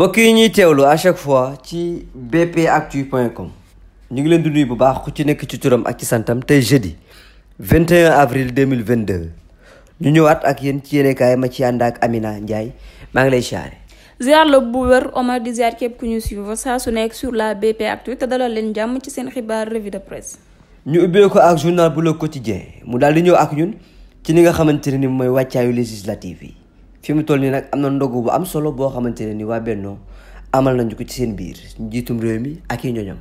bokk yi ñuy teewlu à chaque fois ci point bpactu.com ñu ngi leen di nuyu bu baax ku ci nekk ci turam ak ci santam tey jeudi 21 avril 2022 ñu ñëwaat ak yéen ci yéenekaay ma ci ànd ak Amina Ndiaye maa ngi lay siyaare. ziar la bu wër Omar di ziar képp ku ñu suivre saa su nekk sur la BP Actu te dalal leen jàmm ci seen xibaar revue de presse. ñu ubbee ko ak journal bu Le Quotidien mu daal di ñëw ak ñun ci li nga xamante ne ni mooy wàccaayu législative yi. fi mu toll nii nag am na ndogu bu am solo boo xamante ne ni waa Bennoo amal nañu ko ci seen biir njiitum réew mi ak i ñoñam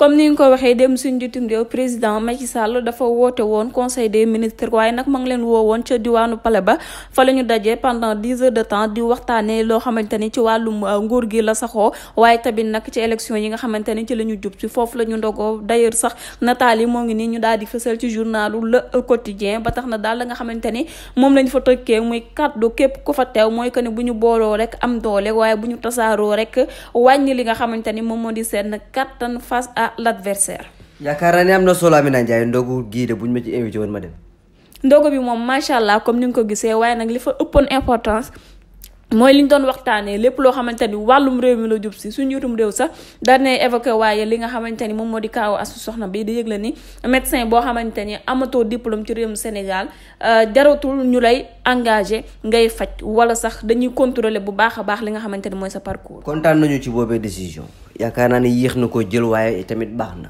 comme ni nga ko waxee dem suñ jiitum réew président Macky Sall dafa woote woon conseil des ministres waaye nag ma ngi leen woo woon ca diwaanu pale ba fa la dajee pendant de temps di waxtaanee loo xamante ni ci wàllu euh, nguur gi la saxoo waaye tamit nag ci élection yi nga xamante ni ci la ñu jub si foofu la ñu ndogoo d'ailleurs sax nataal yi moo ngi nii ñu daal di fësal ci journalu Le Quotidien ba tax na daal la nga xamante ni moom lañ fa tëkkee muy kàddu képp ku fa teew mooy que ne bu ñu booloo rek am doole waaye bu ñu tasaaroo rek wàññi li nga xamante ni moom moo di seen kattan face pas l'adversaire yaakaar naa ne am na solo Amina Ndiaye ndogu gii de buñ ma ci invité woon ma dem ndogu bi moom macha allah comme ni nga ko gisee waaye nag li fa ëppoon importance mooy li ñu doon waxtaanee lépp loo xamante ni wàllum réew mi la jub si suñu njiitum réew sax daan nay évoqué waaye li nga xamante ni moom moo di kaaw asu soxna bi di yëgle ni médecin boo xamante ni amatoo diplôme ci réewum Sénégal euh, jaratul ñu lay engagé ngay faj wala sax dañuy contrôler bu baax a baax li nga xamante ni mooy sa parcours. kontaan nañu ci boobee décision yaakaar naa ne yéex na koo jël waaye tamit baax na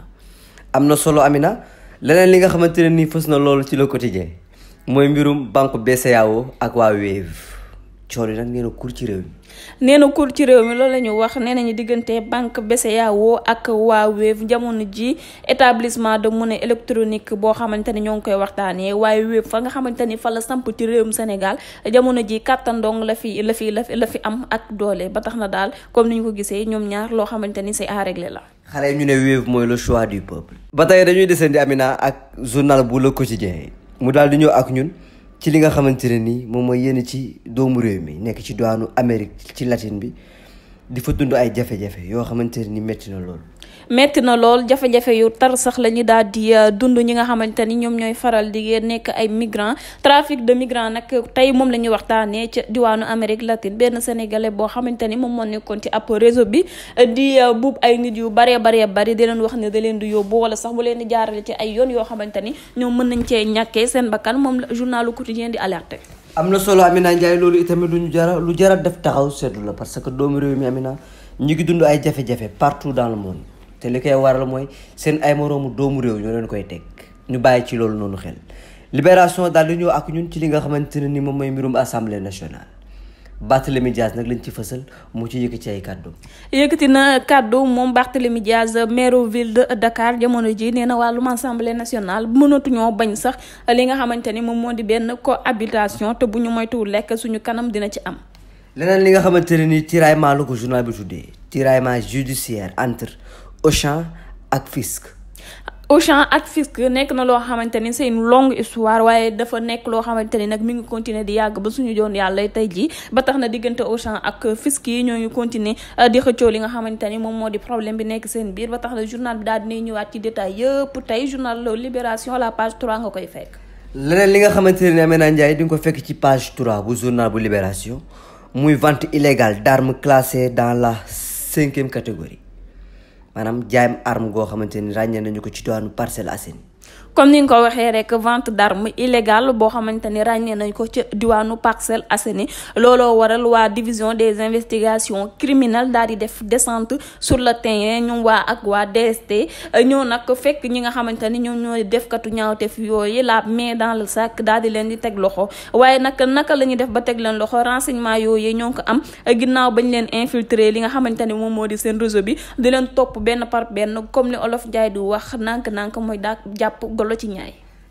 am na solo Amina leneen li nga xamante ne nii fës na loolu ci le quotidien mooy mbirum banque BCEAO ak waa Wave. coole nag nee na ci réew mi. nee na ci réew mi loolu la ñu wax nee nañu diggante banque BCEAO ak waa Wave jamono ji établissement de monnaie électronique boo xamante ni ñoo ngi koy waxtaanee waaye Wave fa nga xamante ni fa la samp ci réewum Sénégal jamono ji kàttan la fi la fi la fi am ak doole ba tax na daal comme ni ñu ko gisee ñoom ñaar loo xamante ni c'est à régler la. xale ñu ne Wave mooy le choix du peuple. ba tey dañuy desandi Amina ak journal bu Le Quotidien ak ñun. ci li nga xamante ne nii moom mooy yéen ci doomu réew mi nekk ci dowaanu Amérique ci latine bi di fa dund ay jafe-jafe yoo xamante ne ni métti na lool metti na lool jafe-jafe yu tar sax la ñu daal di euh, dund ñi nga xamante ni ñoom ñooy faral di nekk ay migrants trafic de migrants nag tey moom la ñuy waxtaanee ca diwaanu Amérique latine benn sénégalais boo xamante ni moom nekkoon ci ab réseau bi euh, di euh, buub ay nit yu baree baree bari di leen wax ne da leen di yóbbu wala sax bu leen di jaarale ci ay yoon yoo xamante ni ñoom mën nañ cee ñàkkee seen bakkan moom la journalu quotidien di alerté. am na solo Amina Ndiaye loolu itamit lu ñu jara lu jara def taxaw seddu la parce que doomu réew mi Amina ñu ngi dund ay jafe-jafe partout dans te li koy waral mooy seen ay moroomu doomu réew ñoo leen koy teg ñu bàyyi ci loolu noonu xel libération daal di ñëw ak ñun ci li nga xamante ne ni moom mooy mbirum assemblée nationale Barthélemy Diaz nag lañ ci fësal mu ci yëkkati ci ay kàddu yëkkati na kàddu moom Barthélemy Diaz maire ville de Dakar jamono ji nee na wàllum assemblée nationale mënatuñoo bañ sax li nga xamante ni moom moo di benn cohabitation te bu ñu moytuwu lekk suñu kanam dina ci am leneen li nga xamante ne ni tiraillement la ko journal bi tuddee tiraillement judiciaire entre Auchan ak Fisk. Auchan ak Fisk nekk na loo xamante ni c'est une longue histoire waaye dafa nekk loo xamante ni nag mi ngi continuer di yàgg ba suñu joon yàlla tey jii ba tax na diggante au Auchan ak Fisk yi ñoo ngi continuer euh, di xëccoo li nga xamante ni moom moo di problème bi nekk seen biir ba tax na journal bi daal dina ñëwaat ci détail yëpp tey journal Libération la page 3 nga koy fekk. leneen li nga xamante ne Amina Ndiaye di nga ko fekk ci page 3 bu journal bu Libération muy vente illégale d'armes classées dans la cinquième catégorie. maanaam jaayam arme goo xamante ni ràññee nañu ko ci diwaanu Parcelles Assainies comme ni nga ko waxee rek vente d'armes illégale boo xamante ni ràññee nañ ko ca diwaanu Parcelles Assainies looloo waral waa division des investigations criminelles daal di def descente sur le terrain ñoom waa ak waa DST ñoo nag fekk ñi nga xamante ni ñoom ñooy defkatu ñaawteef yooyu la mais dans le sac daal di leen di teg loxo waaye nag naka la ñuy def ba teg leen loxo renseignement yooyu ñoo ngi ko am ginnaaw bañ leen infiltrer li nga xamante ni moom moo di seen réseau bi di leen topp benn par benn comme li Olof Njaay wax nank-nank mooy daa jàpp la ci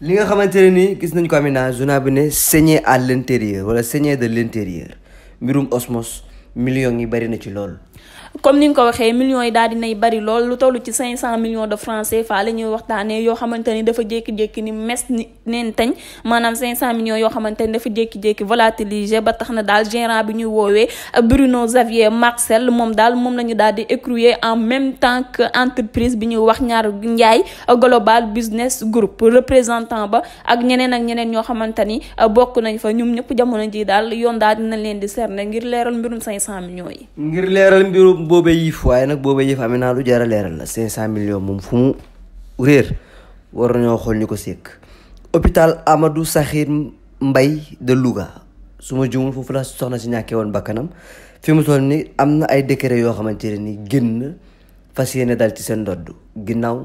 li nga xamante ne nii gis nañ ko Amina journal bi ne saigner à l'intérieur wala saigner de l'intérieur mbirum osmos millions yi bari na ci lool comme ni nga ko waxee million yi daal dinay bari lool lu toll ci 500 millions de francs CFA la ñuy waxtaanee yoo xamante ni dafa jékki-jékki ni mes ni neen tañ maanaam 500 millions yoo xamante ni dafa jékki-jékki volatilisé ba tax na daal gérant bi ñuy woowee Bruno Xavier Marcel moom daal moom la ñu daal di écruer en même temps que entreprise bi ñuy wax ñaar Njaay Global Business Group représentant ba ak ñeneen ak ñeneen ñoo xamante ni euh, bokk nañ fa ñoom ñëpp jamono ji daal yoon daal dina leen di cerner ngir leeral mbirum 500 millions yi. ngir leeral mbirum. booba yiif waaye nag booba yiif amee naa lu jar a leeral la cinq cent millions moom fu mu réer war nañoo xool ñu ko sékk hôpital Amadou Sakhir mbay de Louga su ma jumul foofu la soxna si ñàkkee woon bakkanam fi mu toll ni am na ay décret yoo xamante ne ni génn fas yéene dal ci seen ndodd ginnaaw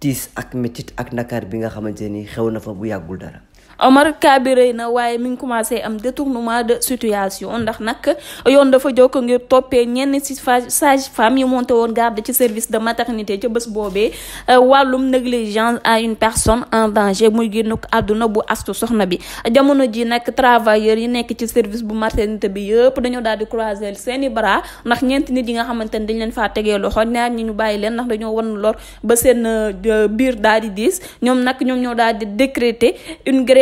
tiis ak métit ak nakaar bi nga xamante ni xew na fa bu yàggul dara Omar cas bi na waaye mi ngi commencé am détournement de situation ndax nag yoon dafa jokk ngir toppee ñenn ci sage femme yi monté woon garde ci service de maternité ca bés boobee euh, wàllum négligence à une personne en danger muy génn àdduna bu astu soxna bi jamono ji nag travailleurs yi nekk ci service bu maternité bi yëpp dañoo daal di croiser seeni bras ndax ñeenti nit yi nga xamante ni dañ leen faa tegee loxo ñaar ñi ñu bàyyi leen ndax dañoo wan lor ba seen euh, biir daal di diis ñoom nag ñoom ñoo daal di décréter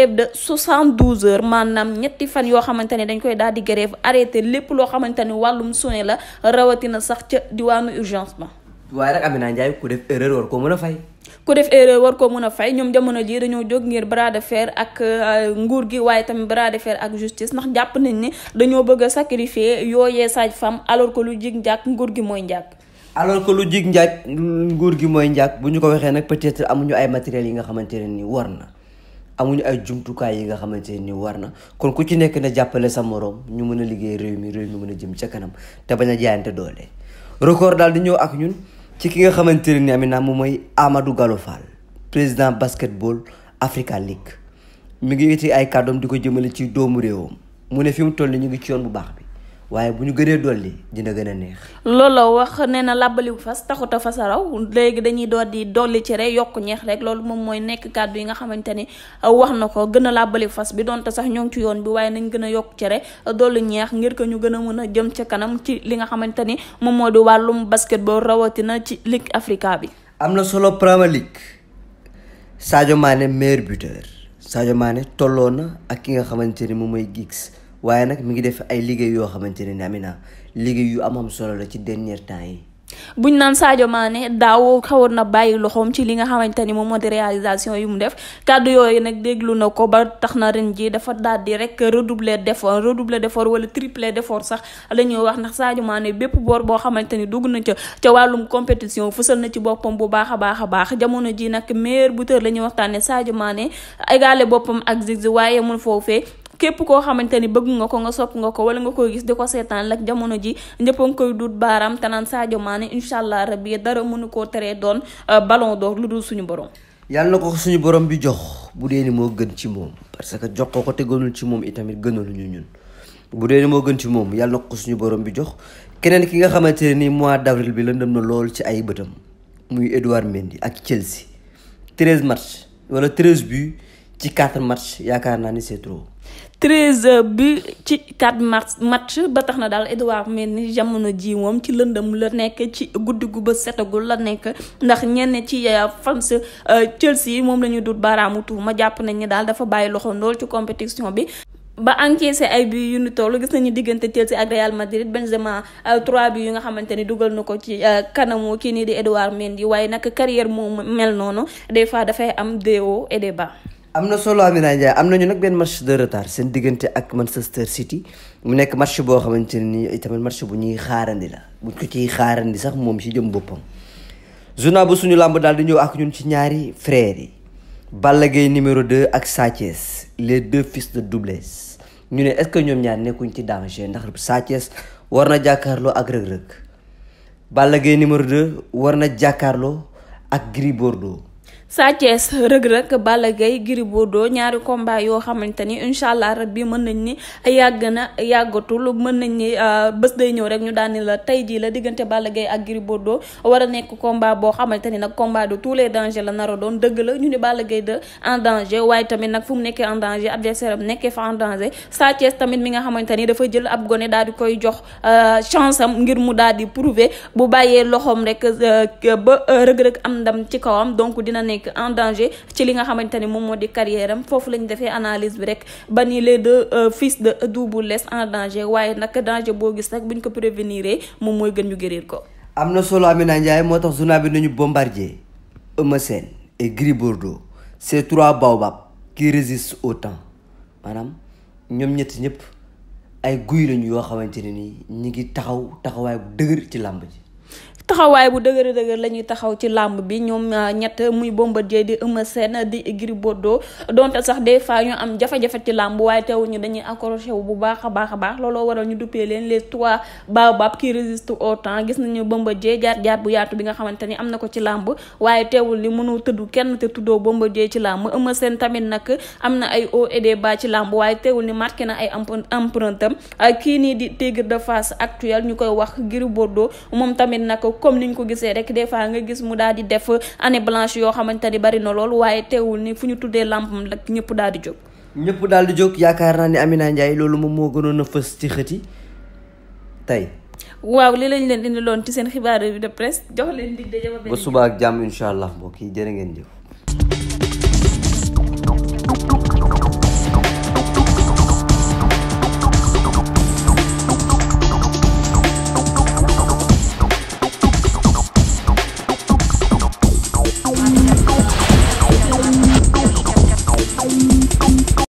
grève de 72 heures maanaam ñetti fan yoo xamante ne dañ koy daal di grève lépp loo xamante ne wàllum soné la rawatina sax ca diwaanu urgence waaye nag Amina Ndiaye ku def erreur war koo mën a fay. ku def erreur war koo mën a fay ñoom jamono jii dañoo jog ngir bras de fer ak euh, nguur gi waaye tamit bras de ak justice ndax jàpp nañ ni dañoo bëgg a sacrifier yooyee sage-femme alors ko lu jig njàkk nguur gi mooy njàkk. alors que lu jig njàkk nguur gi mooy njàkk bu ñu ko waxee nag peut-être amuñu ay matériels yi nga xamante ne nii war na. amuñu ay jumtukaay yi nga xamante ni war na kon ku ci nekk na jàppale sa moroom ñu mën a liggéey réew mi réew mi mën a jëm ca kanam te bañ a jaayante doole record daal di ñëw ak ñun ci ki nga xamante ne ni Amina moom mooy Amadou Gallo Fall président basketball Africa League mu ngi yëkkati ay kàddoom di ko jëmale ci doomu réewam mu ne fi mu toll ni ñu ngi ci yoon bu baax bi waaye bu ñu gënee dolli dina gën a neex. loolu la wax nee na làbbaliwu fas taxut a fas a raw léegi dañuy door di dolli cere yokk ñeex rek loolu moom mooy nekk kàddu yi nga xamante ni uh, wax na ko gën a làbbaliwu fas bi donte sax ñoo ngi ci yoon bi waaye nañ gën a yokk cere uh, dolli ñeex ngir que ñu gën a mën a jëm ca kanam ci li nga xamante ni moom moo di wàllum basketball rawatina ci Ligue Africa bi. am na solo Premier League Sadio Mané meilleur buteur Sadio Mané tolloo na ak ki nga xamante ni moom mooy Giggs. waaye nag mi ngi def ay liggéey yoo xamante ne ni Amina liggéey yu am solo la ci dernier temps yi. buñ naan Sadio Mané daaw xawoon na bàyyi loxoom ci li nga xamante ni moom moo réalisation yu mu def kàddu yooyu nag déglu na ko ba tax na ren ji dafa daal di rek redoubler d'effort redoubler d'effort wala tripler d'effort sax la ñuy wax ndax Sadio Mané bépp boor boo xamante ni dugg na ca ca wàllum compétition fësal na ci boppam bu baax a baax a baax jamono ji nag meilleur buteur la ñuy waxtaanee Sadio Mané égalé boppam ak Ziggs waaye mun foofee képp koo xamante ni bëgg nga ko nga sopp nga ko wala nga koy gis di ko seetaan lak jamono ji ñëppa nga koy duut baaraam te naan Sadio Mané incha allah rabbi dara mënu koo teree doon euh, ballon d'or lu dul suñu borom. yàlla na ko suñu borom bi jox bu dee ni moo gën ci moom parce que jox ko ko te gënul ci moom itamit ñu ñun bu dee ni moo gën ci moom yàlla na ko suñu borom bi jox keneen ki nga xamante ne ni mois d'avril bi lëndëm na lool ci ay bëtam muy Edouard Mendy ak Chelsea 13 matchs wala 13 buts ci 4 matchs yaakaar naa ni c'est treize bi ci 4 mars match ba tax na daal Edouard mel ni jamono ji moom ci lëndëm la nekk ci guddi gu ba setagul la nekk ndax ñenn ci euh, fans euh, Chelsea moom la ñuy dut baaraamu ma jàpp nañ ni daal dafa bàyyi loxo ndool ci compétition bi. ba encaissé ay bi yu ñu toll gis nañu diggante Chelsea ak Real Madrid Benzema euh, trois bi yu nga xamante ni dugal na ko ci kanamu kii nii di Edouard Mendy waaye nag carrière moo mel noonu des fois dafay am des hauts et am na solo Amina Ndiaye am nañu nag benn match de retard seen diggante ak Manchester City mu nekk match boo xamante ne nii tamit match bu ñuy xaarandi la buñ ko ci xaarandi sax moom ci jëm boppam. journal bu suñu làmb daal di ñëw ak ñun ci ñaari frères yi Balla Gaye numéro 2 ak Sathiès les deux fils de Double ñu ne est ñoom ñaar nekkuñ ci danger ndax Sathiès war na jàkkaarloo ak Reug Reug Balla Gaye numéro 2 war na jàkkaarloo ak Gris Bordeaux. Sa Thiès rëg-rëg Balla Gaye Gris doo ñaari combat yoo xamante ni incha allah bi mën nañ ni yàgg na yàggatu yàggatul mën nañ ni euh, bés day ñëw rek ñu daani la tey jii la diggante Balla Gaye ak Gris Bordeaux war a nekk combat boo xamante ni nag combat de tous les dangers la nar doon dëgg la ñu ni Balla Gaye de en danger waaye tamit nag fu mu nekkee en danger adversaire am nekkee fa en danger Sa tamit mi nga xamante ni dafa jël ab gone daal di koy jox euh, chance am ngir mu daal di prouver bu bàyyee loxoom rek euh, ba rëg-rëg ci kawam nekk en danger ci li nga xamante ni moom moo di carrière am foofu la defee analyse bi rek ba ni de deux euh, fils de Double Less en danger waaye nag danger boo gis nag buñ ko prévenir moom mooy gën ñu guérir ko. am na solo Amina Ndiaye moo tax journal bi nañu bombardier Eumeu Sène et Gris Bordeaux ces trois baobabs qui résistent au temps maanaam ñoom ñetti ñëpp ay guy lañu yoo xamante ne nii ñu ngi taxaw taxawaay bu dëgër ci làmb ji. taxawaay bu dëgër dëgër la ñuy taxaw ci làmb bi ñoom ah, ñett muy Bombardier di Eumeu Sène di Gris Bordeaux donte sax des fois ñu am jafe-jafe ci làmb waaye teewuñu dañuy accroché wu bu baax a baax baax looloo waral ñu duppee leen les trois baobab qui résiste au temps gis nañu Bombardier jaar-jaar bu yaatu bi nga xamante ni am na ko ci làmb waaye teewul li mënoo tëdd kenn te tuddoo Bombardier ci làmb Eumeu Sène tamit nag am na ay des bas ci làmb waaye teewul ni marqué na ay empruntam ah, kii nii di Tigre de Fass actuel ñu koy wax Gris Bordeaux moom tamit nag comme ñu ko gisee rek des fois nga gis mu daal di def année blanche yoo xamante ni bari na lool waaye teewul ni fu ñu tuddee lampam nag ñëpp daal jóg. ñëpp daal di jóg yaakaar naa ni Amina Ndiaye loolu moom moo gënoon a fës ci xët yi tey. waaw li lañ leen indi loon ci seen xibaar bi de presse jox leen dig ba. ba ak jàmm incha allah mbokk yi jërë ngeen jëf.